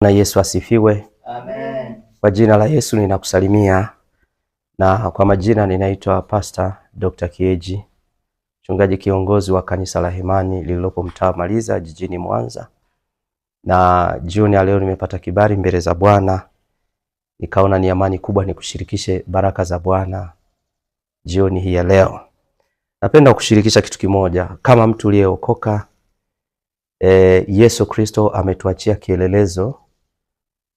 Na Yesu asifiwe. Amen. Kwa jina la Yesu ninakusalimia na kwa majina ninaitwa Pastor Dr. Kieji, mchungaji kiongozi wa kanisa la Hemani lililopo mtaa Maliza jijini Mwanza. Na jioni ya leo nimepata kibali mbele za Bwana, nikaona ni amani kubwa nikushirikishe baraka za Bwana jioni hii ya leo. Napenda kushirikisha kitu kimoja kama mtu uliyeokoka. E, Yesu Kristo ametuachia kielelezo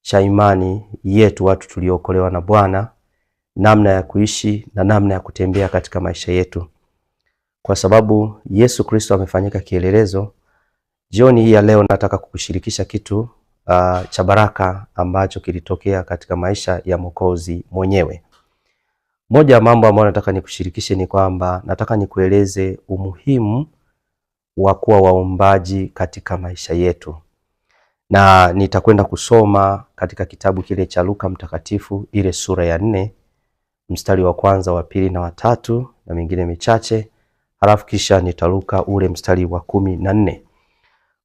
cha imani yetu watu tuliookolewa na Bwana, namna ya kuishi na namna ya kutembea katika maisha yetu, kwa sababu Yesu Kristo amefanyika kielelezo. Jioni hii ya leo nataka kukushirikisha kitu uh, cha baraka ambacho kilitokea katika maisha ya Mwokozi mwenyewe. Moja ya mambo ambayo nataka nikushirikishe ni kwamba nataka nikueleze umuhimu wa kuwa waombaji katika maisha yetu na nitakwenda kusoma katika kitabu kile cha Luka Mtakatifu ile sura ya nne mstari wa kwanza wa pili na watatu na mingine michache, halafu kisha nitaruka ule mstari wa kumi na nne.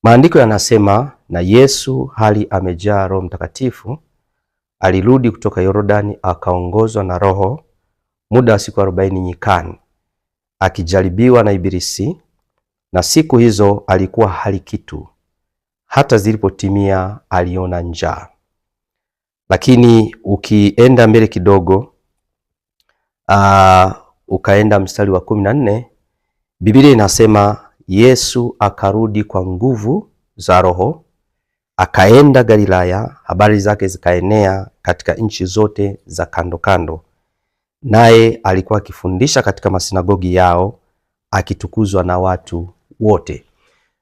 Maandiko yanasema, na Yesu hali amejaa Roho Mtakatifu alirudi kutoka Yordani akaongozwa na Roho muda wa siku arobaini nyikani akijaribiwa na Ibilisi, na siku hizo alikuwa hali kitu hata zilipotimia aliona njaa. Lakini ukienda mbele kidogo uh, ukaenda mstari wa kumi na nne Biblia inasema Yesu akarudi kwa nguvu za Roho, akaenda Galilaya, habari zake zikaenea katika nchi zote za kando kando, naye alikuwa akifundisha katika masinagogi yao, akitukuzwa na watu wote.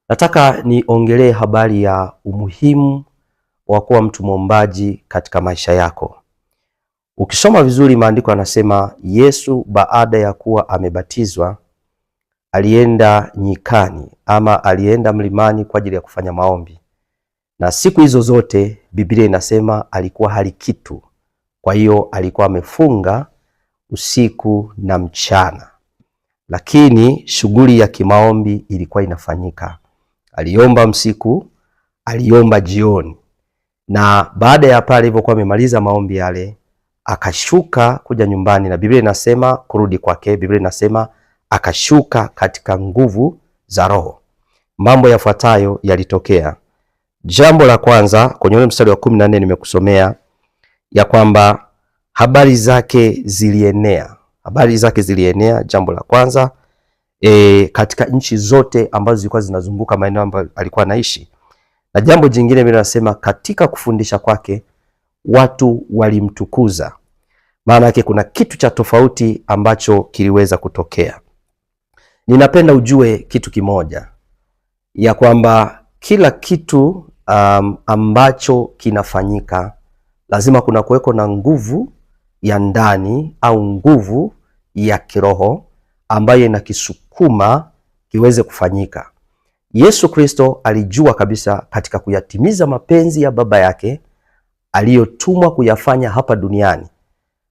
Nataka niongelee habari ya umuhimu wa kuwa mtu mwombaji katika maisha yako. Ukisoma vizuri maandiko anasema Yesu baada ya kuwa amebatizwa alienda nyikani ama alienda mlimani kwa ajili ya kufanya maombi, na siku hizo zote Biblia inasema alikuwa hali kitu. Kwa hiyo alikuwa amefunga usiku na mchana, lakini shughuli ya kimaombi ilikuwa inafanyika aliomba msiku, aliomba jioni, na baada ya pale alivyokuwa amemaliza maombi yale akashuka kuja nyumbani, na Biblia inasema kurudi kwake, Biblia inasema akashuka katika nguvu za Roho. Mambo yafuatayo yalitokea. Jambo la kwanza kwenye ule mstari wa kumi na nne nimekusomea ya kwamba habari zake zilienea, habari zake zilienea. Jambo la kwanza e, katika nchi zote ambazo zilikuwa zinazunguka maeneo ambayo alikuwa anaishi. Na jambo jingine mimi nasema katika kufundisha kwake watu walimtukuza. Maana yake kuna kitu cha tofauti ambacho kiliweza kutokea. Ninapenda ujue kitu kimoja ya kwamba kila kitu um, ambacho kinafanyika lazima kuna kuweko na nguvu ya ndani au nguvu ya kiroho ambayo inakisukuma kiweze kufanyika. Yesu Kristo alijua kabisa katika kuyatimiza mapenzi ya Baba yake aliyotumwa kuyafanya hapa duniani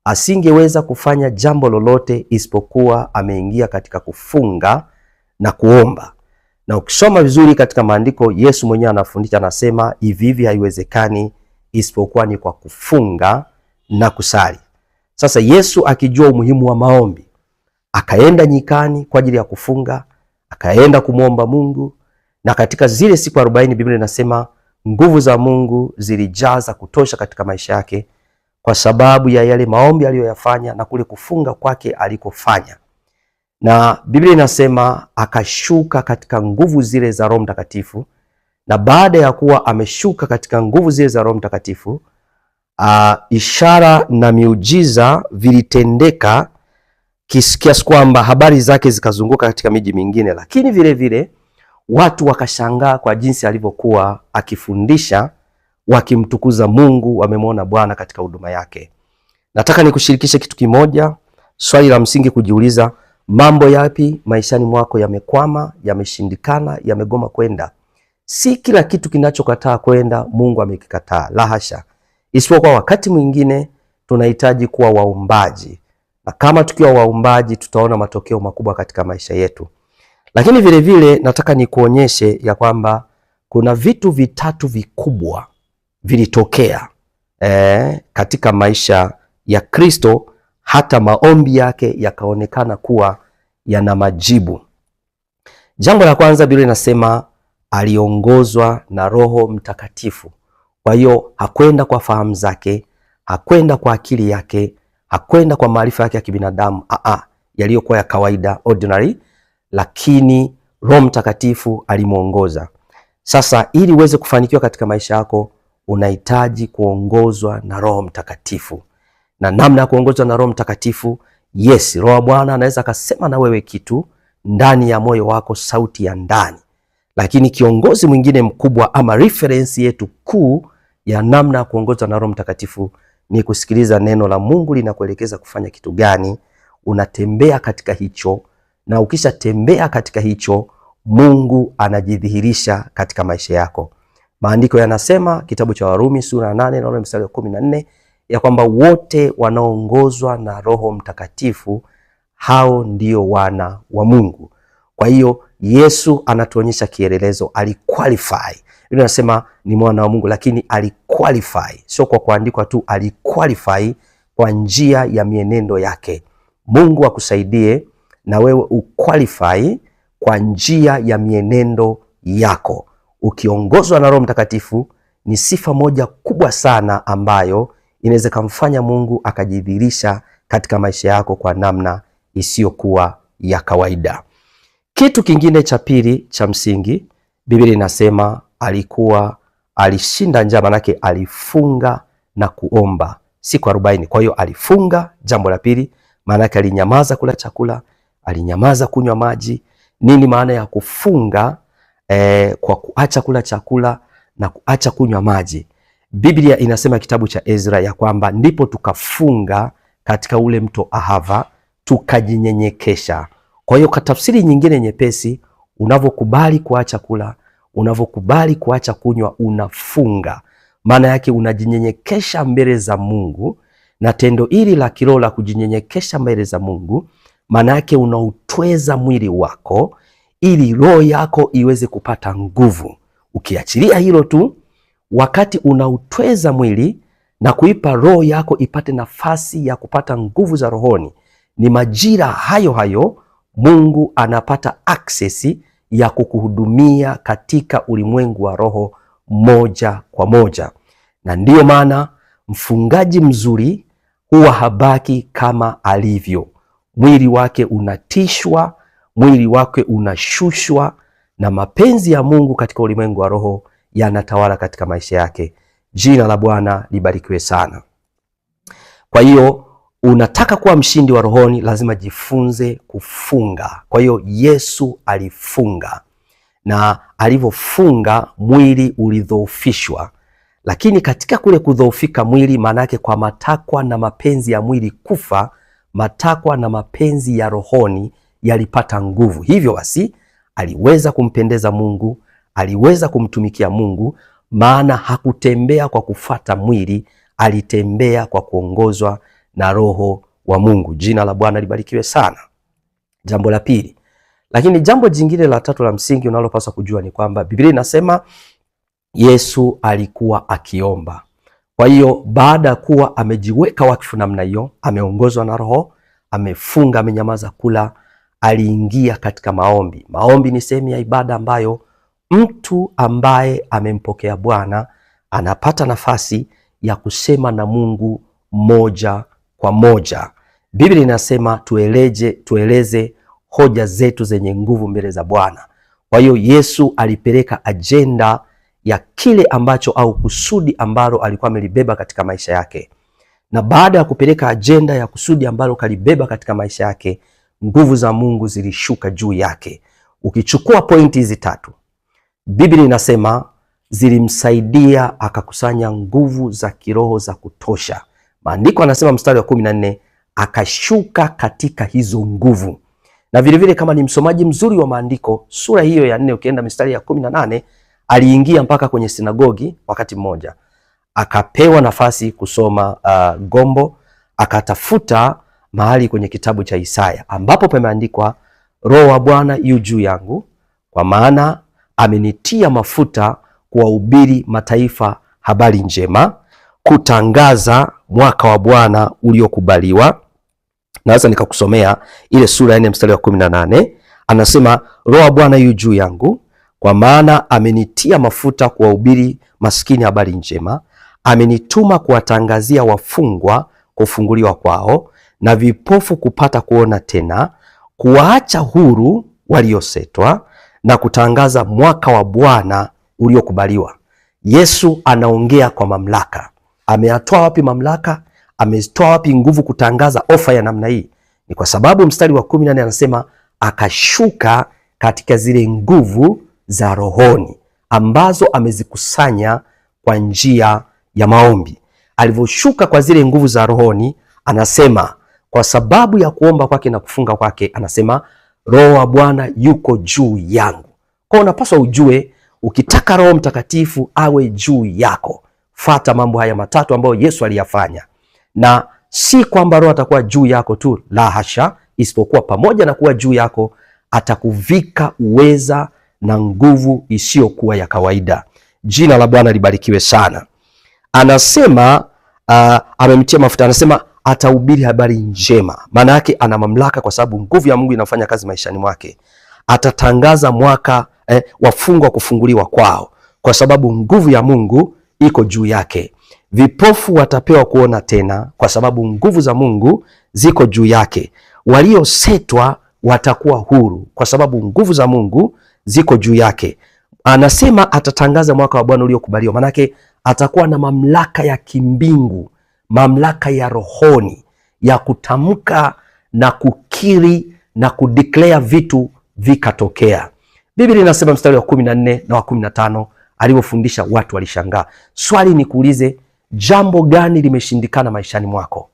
asingeweza kufanya jambo lolote isipokuwa ameingia katika kufunga na kuomba. Na ukisoma vizuri katika maandiko, Yesu mwenyewe anafundisha, anasema hivi hivi, haiwezekani isipokuwa ni kwa kufunga na kusali. Sasa Yesu akijua umuhimu wa maombi akaenda nyikani kwa ajili ya kufunga, akaenda kumwomba Mungu, na katika zile siku arobaini Biblia inasema nguvu za Mungu zilijaza kutosha katika maisha yake kwa sababu ya yale maombi aliyoyafanya na kule kufunga kwake alikofanya. Na Biblia inasema akashuka katika nguvu zile za Roho Mtakatifu, na baada ya kuwa ameshuka katika nguvu zile za Roho Mtakatifu, uh, ishara na miujiza vilitendeka kiasi kwamba habari zake zikazunguka katika miji mingine, lakini vile vile watu wakashangaa kwa jinsi alivyokuwa akifundisha, wakimtukuza Mungu, wamemwona Bwana katika huduma yake. Nataka nikushirikishe kitu kimoja, swali la msingi kujiuliza: mambo yapi maishani mwako yamekwama, yameshindikana, yamegoma kwenda? Si kila kitu kinachokataa kwenda Mungu amekikataa, la hasha, isipokuwa wakati mwingine tunahitaji kuwa waombaji na kama tukiwa waumbaji tutaona matokeo makubwa katika maisha yetu. Lakini vile vile nataka nikuonyeshe ya kwamba kuna vitu vitatu vikubwa vilitokea eh, katika maisha ya Kristo, hata maombi yake yakaonekana kuwa yana majibu. Jambo la kwanza, Biblia inasema aliongozwa na Roho Mtakatifu. Kwa hiyo hakwenda kwa fahamu zake, hakwenda kwa akili yake, hakwenda kwa maarifa yake ya kibinadamu yaliyokuwa ya kawaida ordinary, lakini Roho Mtakatifu alimwongoza. Sasa ili uweze kufanikiwa katika maisha yako unahitaji kuongozwa na Roho Mtakatifu. Na namna ya kuongozwa na Roho Mtakatifu, yes, Roho Bwana anaweza akasema na wewe kitu ndani ya moyo wako, sauti ya ndani. Lakini kiongozi mwingine mkubwa ama reference yetu kuu ya namna ya kuongozwa na Roho Mtakatifu ni kusikiliza neno la Mungu linakuelekeza kufanya kitu gani, unatembea katika hicho, na ukishatembea katika hicho Mungu anajidhihirisha katika maisha yako. Maandiko yanasema kitabu cha Warumi sura ya 8 na ule mstari wa nne ya kwamba wote wanaongozwa na Roho Mtakatifu hao ndio wana wa Mungu. Kwa hiyo Yesu anatuonyesha kielelezo, alikwalifai Biblia inasema ni mwana wa Mungu, lakini aliqualify, sio kwa kuandikwa tu, aliqualify kwa njia ya mienendo yake. Mungu akusaidie na wewe uqualify kwa njia ya mienendo yako. Ukiongozwa na Roho Mtakatifu ni sifa moja kubwa sana ambayo inaweza kumfanya Mungu akajidhihirisha katika maisha yako kwa namna isiyokuwa ya kawaida. Kitu kingine cha pili cha msingi Biblia inasema alikuwa alishinda njaa, manake alifunga na kuomba siku arobaini. Kwa hiyo alifunga. Jambo la pili, maanake alinyamaza kula chakula, alinyamaza kunywa maji. Nini maana ya kufunga? Eh, kwa kuacha kula chakula na kuacha kunywa maji. Biblia inasema kitabu cha Ezra ya kwamba ndipo tukafunga katika ule mto Ahava tukajinyenyekesha. Kwa hiyo kwa tafsiri nyingine nyepesi, unavyokubali kuacha kula Unavyokubali kuacha kunywa, unafunga. Maana yake unajinyenyekesha mbele za Mungu, na tendo hili la kiroho la kujinyenyekesha mbele za Mungu, maana yake unautweza mwili wako ili roho yako iweze kupata nguvu. Ukiachilia hilo tu, wakati unautweza mwili na kuipa roho yako ipate nafasi ya kupata nguvu za rohoni, ni majira hayo hayo Mungu anapata aksesi ya kukuhudumia katika ulimwengu wa roho moja kwa moja, na ndiyo maana mfungaji mzuri huwa habaki kama alivyo. Mwili wake unatishwa, mwili wake unashushwa, na mapenzi ya Mungu katika ulimwengu wa roho yanatawala katika maisha yake. Jina la Bwana libarikiwe sana. Kwa hiyo unataka kuwa mshindi wa rohoni, lazima jifunze kufunga. Kwa hiyo Yesu alifunga, na alivyofunga mwili ulidhoofishwa, lakini katika kule kudhoofika mwili, maana yake kwa matakwa na mapenzi ya mwili kufa, matakwa na mapenzi ya rohoni yalipata nguvu. Hivyo basi aliweza kumpendeza Mungu, aliweza kumtumikia Mungu, maana hakutembea kwa kufata mwili, alitembea kwa kuongozwa na Roho wa Mungu. Jina la Bwana libarikiwe sana. Jambo la pili, lakini jambo jingine la tatu la msingi unalopaswa kujua ni kwamba Biblia inasema Yesu alikuwa akiomba. Kwa hiyo baada ya kuwa amejiweka wakfu namna hiyo, ameongozwa na Roho, amefunga, amenyamaza kula, aliingia katika maombi. Maombi ni sehemu ya ibada ambayo mtu ambaye amempokea Bwana anapata nafasi ya kusema na Mungu moja kwa moja. Biblia inasema tueleje, tueleze hoja zetu zenye nguvu mbele za Bwana. Kwa hiyo Yesu alipeleka ajenda ya kile ambacho au kusudi ambalo alikuwa amelibeba katika maisha yake, na baada ya kupeleka ajenda ya kusudi ambalo kalibeba katika maisha yake, nguvu za Mungu zilishuka juu yake. Ukichukua pointi hizi tatu, Biblia inasema zilimsaidia akakusanya nguvu za kiroho za kutosha Maandiko anasema mstari wa 14, akashuka katika hizo nguvu. Na vilevile vile kama ni msomaji mzuri wa maandiko, sura hiyo ya nne ukienda mistari ya 18, aliingia mpaka kwenye sinagogi wakati mmoja, akapewa nafasi kusoma uh, gombo, akatafuta mahali kwenye kitabu cha Isaya ambapo pameandikwa, Roho wa Bwana yu juu yangu, kwa maana amenitia mafuta kuwahubiri mataifa habari njema, kutangaza mwaka wa Bwana uliokubaliwa. Naweza nikakusomea ile sura ya nne mstari wa kumi na nane anasema, Roho wa Bwana yu juu yangu, kwa maana amenitia mafuta kuwahubiri maskini habari njema, amenituma kuwatangazia wafungwa kufunguliwa kwao na vipofu kupata kuona tena, kuwaacha huru waliosetwa na kutangaza mwaka wa Bwana uliokubaliwa. Yesu anaongea kwa mamlaka ameatoa wapi mamlaka, ametoa wapi nguvu kutangaza ofa ya namna hii? Ni kwa sababu mstari wa kumi na nne anasema akashuka katika zile nguvu za rohoni ambazo amezikusanya kwa njia ya maombi. Alivyoshuka kwa zile nguvu za rohoni, anasema kwa sababu ya kuomba kwake na kufunga kwake, anasema Roho wa Bwana yuko juu yangu. Kwa unapaswa ujue, ukitaka Roho Mtakatifu awe juu yako, Fata mambo haya matatu ambayo Yesu aliyafanya, na si kwamba Roho atakuwa juu yako tu, la hasha, isipokuwa pamoja na kuwa juu yako atakuvika uweza na nguvu isiyokuwa ya kawaida. Jina la Bwana libarikiwe sana. Anasema uh, amemtia mafuta, anasema atahubiri habari njema. Maana yake ana mamlaka, kwa sababu nguvu ya Mungu inafanya kazi maishani mwake. Atatangaza mwaka eh, wafungwa kufunguliwa kwao, kwa sababu nguvu ya Mungu iko juu yake. Vipofu watapewa kuona tena, kwa sababu nguvu za Mungu ziko juu yake. Waliosetwa watakuwa huru, kwa sababu nguvu za Mungu ziko juu yake. Anasema atatangaza mwaka wa Bwana uliokubaliwa, manake atakuwa na mamlaka ya kimbingu, mamlaka ya rohoni ya kutamka na kukiri na kudeclare vitu vikatokea. Biblia inasema mstari wa kumi na nne na wa kumi na tano alivyofundisha watu walishangaa. Swali ni kuulize, jambo gani limeshindikana maishani mwako?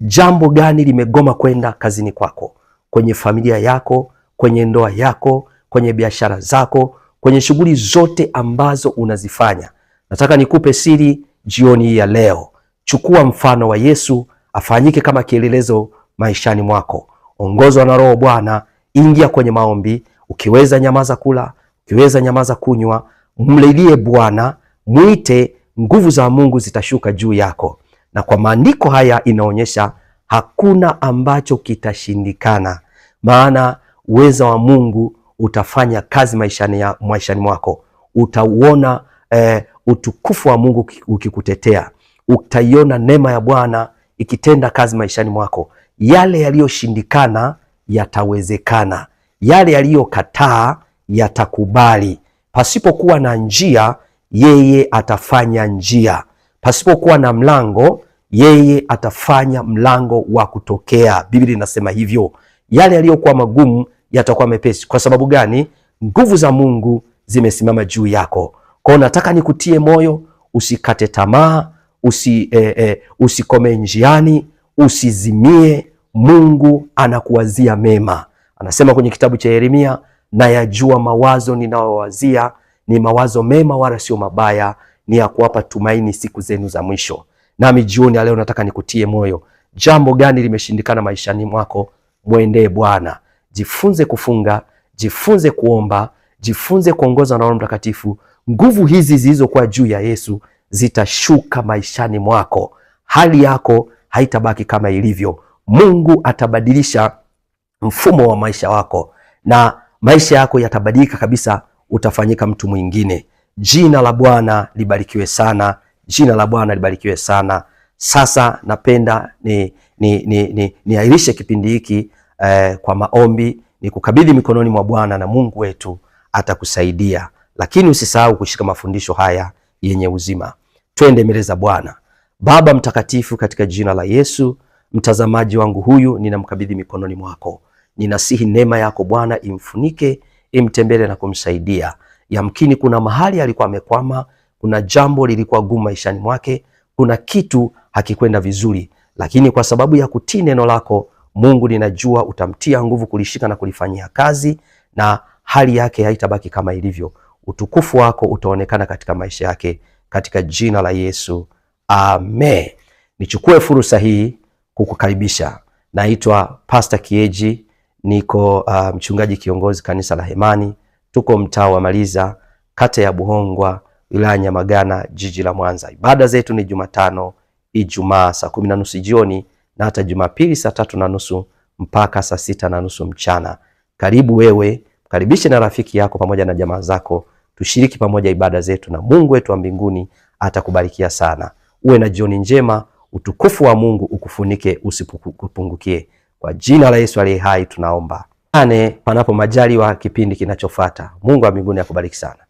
Jambo gani limegoma kwenda kazini kwako, kwenye familia yako, kwenye ndoa yako, kwenye biashara zako, kwenye shughuli zote ambazo unazifanya? Nataka nikupe siri jioni hii ya leo. Chukua mfano wa Yesu afanyike kama kielelezo maishani mwako. Ongozwa na Roho Bwana, ingia kwenye maombi. Ukiweza nyamaza kula, ukiweza nyamaza kunywa mlilie Bwana, mwite, nguvu za Mungu zitashuka juu yako. Na kwa maandiko haya inaonyesha hakuna ambacho kitashindikana, maana uweza wa Mungu utafanya kazi maishani, ya, maishani mwako utauona eh, utukufu wa Mungu ukikutetea, utaiona neema ya Bwana ikitenda kazi maishani mwako. Yale yaliyoshindikana yatawezekana, yale yaliyokataa yatakubali. Pasipokuwa na njia, yeye atafanya njia. Pasipokuwa na mlango, yeye atafanya mlango wa kutokea. Biblia inasema hivyo. Yale yaliyokuwa magumu yatakuwa mepesi. Kwa sababu gani? Nguvu za Mungu zimesimama juu yako. Kwa hiyo nataka nikutie moyo, usikate tamaa, usi, eh, eh, usikome njiani, usizimie. Mungu anakuwazia mema. Anasema kwenye kitabu cha Yeremia na mawazo ninayowazia ni mawazo mema, wala sio mabaya, ni ya kuwapa tumaini siku zenu za mwisho. Nami jioni ya leo nataka nikutie moyo. Jambo gani limeshindikana maishani mwako? Mwendee Bwana, jifunze kufunga, jifunze kuomba, jifunze kuongozwa na Roho Mtakatifu. Nguvu hizi zilizokuwa juu ya Yesu zitashuka maishani mwako, hali yako haitabaki kama ilivyo. Mungu atabadilisha mfumo wa maisha wako na maisha yako yatabadilika kabisa, utafanyika mtu mwingine. Jina la Bwana libarikiwe sana, jina la Bwana libarikiwe sana. Sasa napenda ni ni, ni, ni, ni kipindi hiki eh, kwa maombi ni kukabidhi mikononi mwa Bwana na Mungu wetu atakusaidia, lakini usisahau kushika mafundisho haya yenye uzima. Twende mbele za Bwana. Baba mtakatifu, katika jina la Yesu, mtazamaji wangu huyu ninamkabidhi mikononi mwako ninasihi neema yako Bwana imfunike, imtembele na kumsaidia. Yamkini kuna mahali alikuwa amekwama, kuna jambo lilikuwa gumu maishani mwake, kuna kitu hakikwenda vizuri, lakini kwa sababu ya kutii neno lako Mungu, ninajua utamtia nguvu kulishika na kulifanyia kazi, na hali yake haitabaki kama ilivyo. Utukufu wako utaonekana katika maisha yake, katika jina la Yesu, amen. Nichukue fursa hii kukukaribisha. Naitwa Pastor Kieji niko uh, mchungaji kiongozi kanisa la Hemani, tuko mtaa wa Maliza, kata ya Buhongwa, wilaya Nyamagana, jiji la Mwanza. Ibada zetu ni Jumatano, Ijumaa saa kumi na nusu jioni na hata Jumapili saa tatu na nusu mpaka saa sita na nusu mchana. Karibu wewe, karibishe na rafiki yako pamoja na jamaa zako, tushiriki pamoja ibada zetu, na Mungu wetu wa mbinguni atakubarikia sana. Uwe na jioni njema. Utukufu wa Mungu ukufunike usipungukie. Kwa jina la Yesu aliye hai tunaomba. Ane panapo majaliwa kipindi kinachofuata. Mungu wa mbinguni akubariki sana.